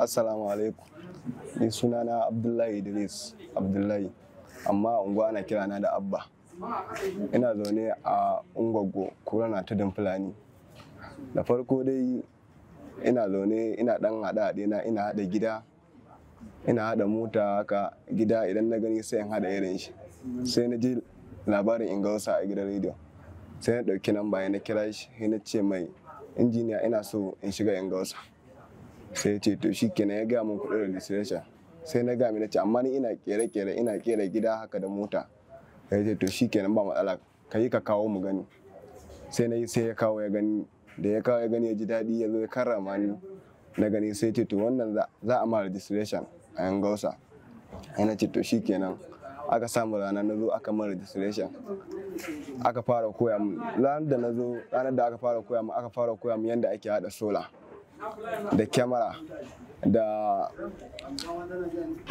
Assalamu alaikum. Ni sunana Abdullahi Idris Abdullahi, amma unguwa ana na da Abba. Ina zaune a Ungwaggo, kura na tudun Fulani. Da farko dai ina zaune ina dan hada na ina hada gida, ina hada mota haka gida idan na gani sai in hada irin shi. Sai na ji labarin in ingausa a gidan rediyo. Sai na dauki namba bayan na kira shi, na ce mai injiniya ina so in shiga in ingausa. sai ce to shi kenan ya gaya min kudin registration sai na gami na ce amma ni ina kere-kere ina kera gida haka da mota ya ce to shi kenan ba matsala ka yi ka kawo mu gani sai na yi sai ya kawo ya gani da ya kawo ya gani ya ji daɗi ya zo ya karrama ni na gani sai ce to wannan za a ma registration a yan gausa yana ce to shi kenan aka samu rana na zo aka ma registration aka fara koya mu ranar da na zo ranar da aka fara koya mu aka fara koya mu yadda ake haɗa sola da kyamara da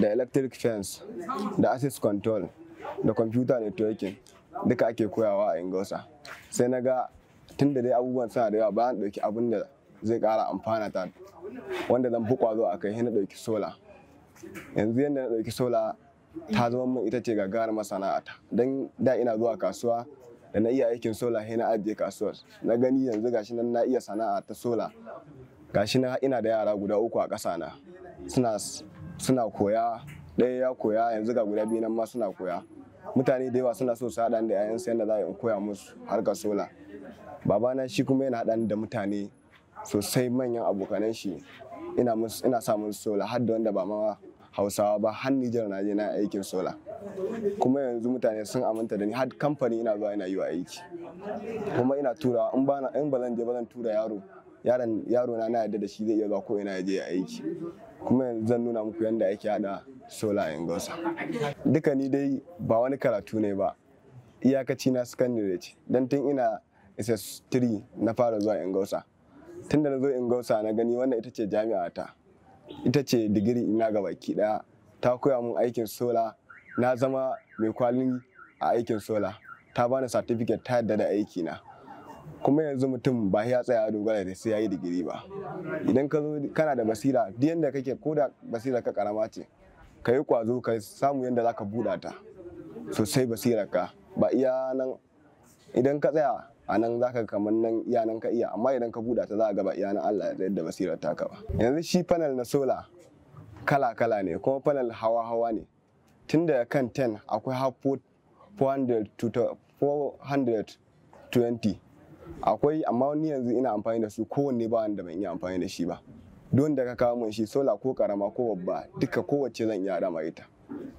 da electric fence da access control da computer networking duka ake koyawa a ingosa sai na ga tun da dai abubuwan suna da yawa bayan ɗauki abun da zai ƙara amfana ta wanda zan fi kwazo a kai na ɗauki sola yanzu yadda na ɗauki sola ta zama mun ita ce gagarar masana'ata don da ina zuwa kasuwa da na iya aikin sola sai na ajiye kasuwar na gani yanzu gashi nan na iya sana'a ta sola gashi na ina da yara guda uku a ƙasa na suna suna koya ɗaya ya koya yanzu ga guda biyu nan ma suna koya mutane da yawa suna so su haɗa da 'ya'yansu yadda za a in koya musu harkar sola babana shi kuma yana haɗa da mutane sosai manyan abokanan shi ina ina sa musu sola har da wanda ba ma hausawa ba har nijar na je na aikin sola kuma yanzu mutane sun aminta da ni har kamfani ina zuwa ina yi wa aiki kuma ina tura in ba in ba zan je ba zan tura yaro yaron yaro na na yadda da shi zai iya zuwa ko ina ya je ya aiki kuma yanzu zan nuna muku yadda ake hada sola in gosa duka ni dai ba wani karatu ne ba iyakaci na secondary ce dan tun ina SS3 na fara zuwa Ingausa tun da na zo in Ingausa na gani wannan ita ce jami'a ta ita ce digiri ina ga baki daya ta koya mun aikin sola na zama mai kwalin a aikin sola ta bani certificate ta yadda da aiki na kuma yanzu mutum ba ya tsaya dogara da sai ya yi digiri ba idan ka zo kana da basira duk yanda kake ko da basira ka karama ce ka yi kwazo ka samu yadda za ka buɗa ta sosai basirar ka ba iya nan idan ka tsaya a nan za ka kamar nan iya ka iya amma idan ka buɗa ta za a gaba iya nan Allah da yadda basirar ta ba yanzu shi panel na sola kala kala ne kuma panel hawa hawa ne tun da kan 10 akwai half 420 akwai amma ni yanzu ina amfani da su kowanne ba wanda ban iya amfani da shi ba don da ka kawo mun shi sola ko karama ko babba duka kowace zan iya hada ita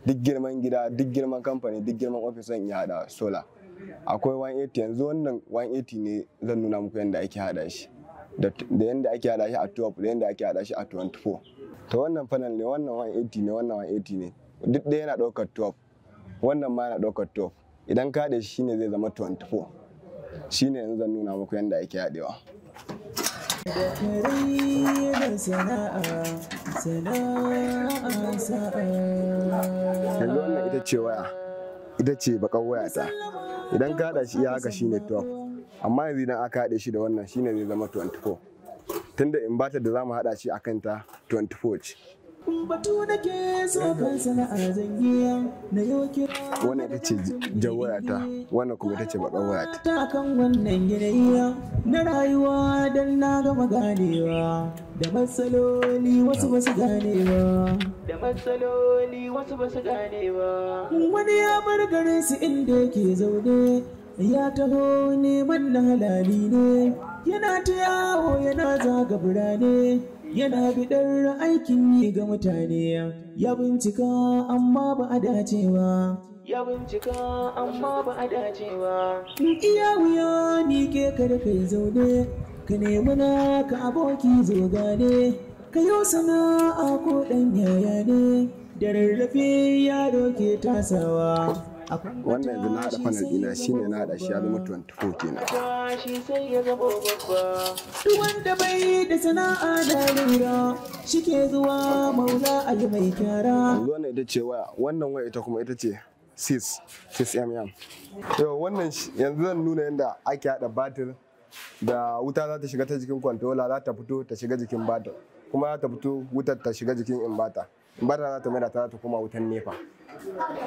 duk girman gida duk girman kamfani duk girman ofis zan iya hada sola akwai 180 yanzu wannan 180 ne zan nuna muku yadda ake hada shi da yadda ake hada shi a 12 da yadda ake hada shi a 24 to wannan panel ne wannan 180 ne wannan 180 ne duk ɗaya yana ɗaukar 12 wannan ma yana ɗaukar 12 idan ka haɗe shi ne zai zama 24 shi ne yanzu zan nuna muku yadda ake haɗewa yanzu wannan ita ce waya ita ce bakan waya ta idan ka haɗa shi ya haka ne 12 amma yanzu idan aka haɗe shi da wannan ne zai zama 24 tunda in bata da za mu haɗa shi akan ta 24 ce batu nake so sabon sana'a zangiya na yau kira wannan ita ce jawayata wannan kuma ita ce bakan wayata ta kan wannan yanayiya na rayuwa dan na gama ganewa da matsaloli wasu ba su ganewa da matsaloli wasu ba su ganewa wani ya bar gare su inda yake zaune ya taho neman na halali ne yana ta yawo yana zaga birane yana bidar aikin yi ga mutane ya bincika amma ba a dacewa. ya bincika amma ba a dacewa. iya wuya ni ke ka da kai zaune ka nemi na ka aboki zo gane ka yau sana'a ko dan yaya ne da rarrafe ya doke tasawa wannan yanzu na haɗa panel ɗina shi ne na haɗa shi ya zama 24 kenan duk wanda bai da sana'a da lura shi ke zuwa maula a mai kyara yanzu wannan ita ce waya wannan waya ita kuma ita ce 6 6 mm yau wannan yanzu zan nuna yadda ake haɗa batir da wuta za ta shiga ta jikin kwantola za ta fito ta shiga jikin batir kuma za ta fito wutar ta shiga jikin inverter inverter za ta mai da ta za ta koma wutan nefa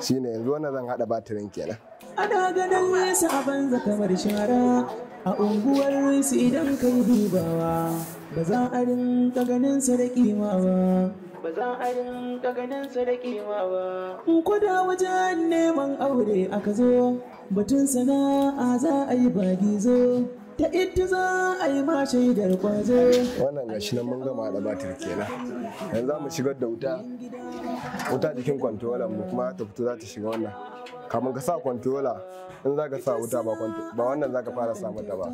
shine yanzu wannan zan hada batirin kenan ana ganin nesa a banza kamar shara a unguwar su idan yi dubawa ba za a rinka ganin sa da kima ba ba za a rinka ganin sa da kima ba ko da wajen neman aure aka zo batun sana'a za a yi ba gizo ta ita za a yi ma shaidar kwazo wannan shi nan mun gama da batir kenan yanzu za mu shigar da wuta wuta jikin kwantola mu kuma ta fito za ta shiga wannan kamun ka sa kwantola in za ka sa wuta ba ba wannan za ka fara sa mata ba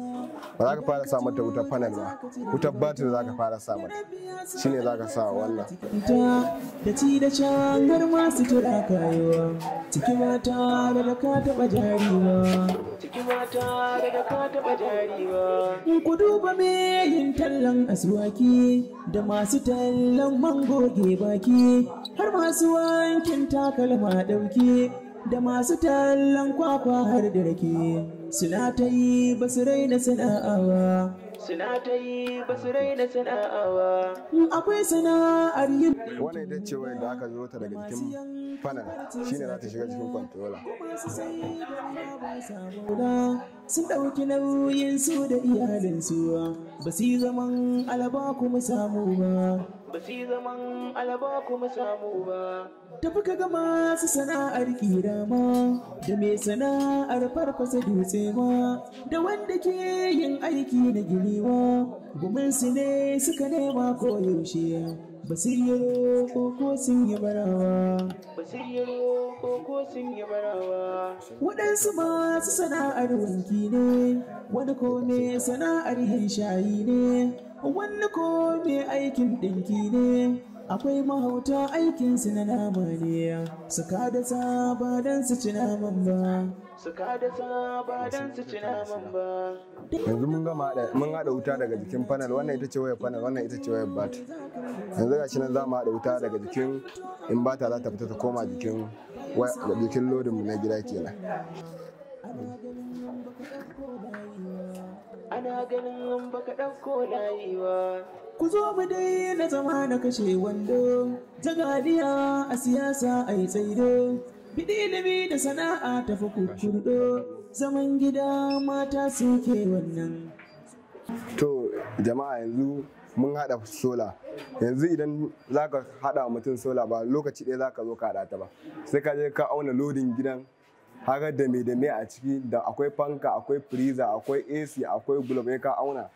ba za ka fara sa mata wuta panel ba wutar batir za ka fara sa mata shine za ka sa wannan da ci da can garma su tura kayowa Ciki mata da ka taɓa jariwa Ku duba me yin tallan aswaki da masu tallan man baki har masu wankin takalma ɗauki da masu tallan kwakwa har da rake. Suna ta yi raina sana'a suna ta yi basu raina sana'a ba. Akwai sana'ar yin. Wannan ita ce da aka zo ta daga jikin shi ne za ta shiga cikin kwantola. Sun ɗauki nauyin su da iyalinsu ba su yi zaman alaba kuma samu ba. Ba su yi zaman alaba kuma samu ba. Tafi ka ga masu sana'ar kira ma da mai sana'ar farfasa dutse ma da wanda ke yin aiki na gini ganewa gumin su ne suka nema ko yaushe ba su yi barawa ko ko sun yi barawa waɗansu masu sana'ar wanki ne wani ko me sana'ar yin shayi ne wani ko me aikin ɗinki ne akwai mahauta aikinsu na namaniya ne su kada ta ba don su ci naman ba su da ta ba don su ci naman ba yanzu mun gama mun hada wuta daga jikin panel wannan ita ce wayar panel wannan ita ce wayar bat yanzu gashi nan za mu hada wuta daga jikin in bata za ta fita ta koma jikin jikin lodin mu na gida kenan ana ganin in baka ɗauko layi Ku zo mu dai na zama na kashe wando, jagadiya a siyasa a yi tsaido, biɗi ilimi da sana'a tafi kukurɗo, zaman gida mata suke wannan. To jama'a yanzu mun haɗa sola yanzu idan za ka haɗa mutum sola ba lokaci ɗaya za ka zo ka haɗa ta ba sai ka je ka auna lodin gidan haka da me da me a ciki da akwai fanka akwai freezer akwai ac akwai globe ka auna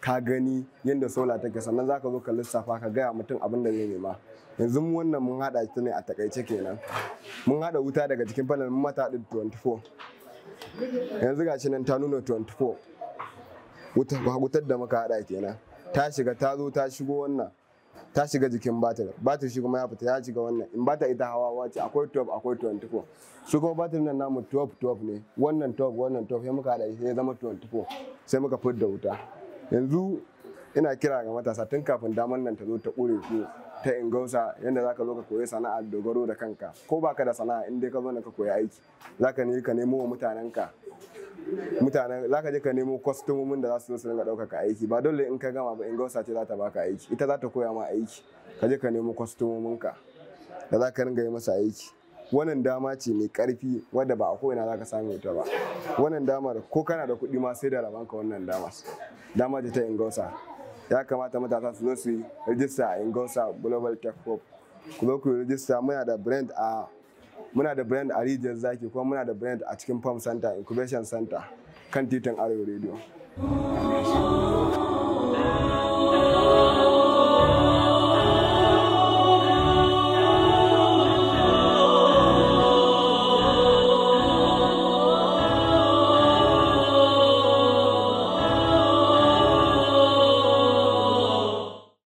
ka gani yadda sola take sannan zaka zo ka lissafa ka gaya mutum abin da zai nema yanzu mu wannan mun hada ta ne a takaice kenan mun hada wuta daga cikin panel mun mata 24 yanzu gashi nan ta nuna 24 wutar da muka hada kenan ta shiga ta zo ta shigo wannan ta shiga jikin batir batir shi kuma ya fita ya shiga wannan in bata ita hawa wace akwai 12 akwai 24 su kuma batir nan namu top top ne wannan 12 wannan 12 sai muka hada shi ya zama 24 sai muka fidda wuta yanzu ina kira ga matasa tun kafin damar nan ta zo ta ƙure ku ta ingausa yadda zaka zo ka koyi sana'a dogaro da kanka ko baka da sana'a in dai ka zo ka koyi aiki zaka ne ka nemo wa mutanenka mutanen za ka je ka nemo kwastomomin da za su su dinga ɗaukaka aiki ba dole in ka gama ba in gausa ce za ta baka aiki ita za ta koya ma aiki ka je ka nemo kwastomomin ka. da za ka ringa yi masa aiki wannan dama ce mai karfi wadda ba a ko'ina za ka samu ita ba wannan damar ko kana da kuɗi ma sai da ka wannan dama dama ce ta gausa ya kamata matasa su zo su yi rijista a gausa global tech hub ku zo ku yi rijista muna da brand a muna da brand a rijiyar zaki kuma muna da brand a cikin farm center incubation center kan titin arewa radio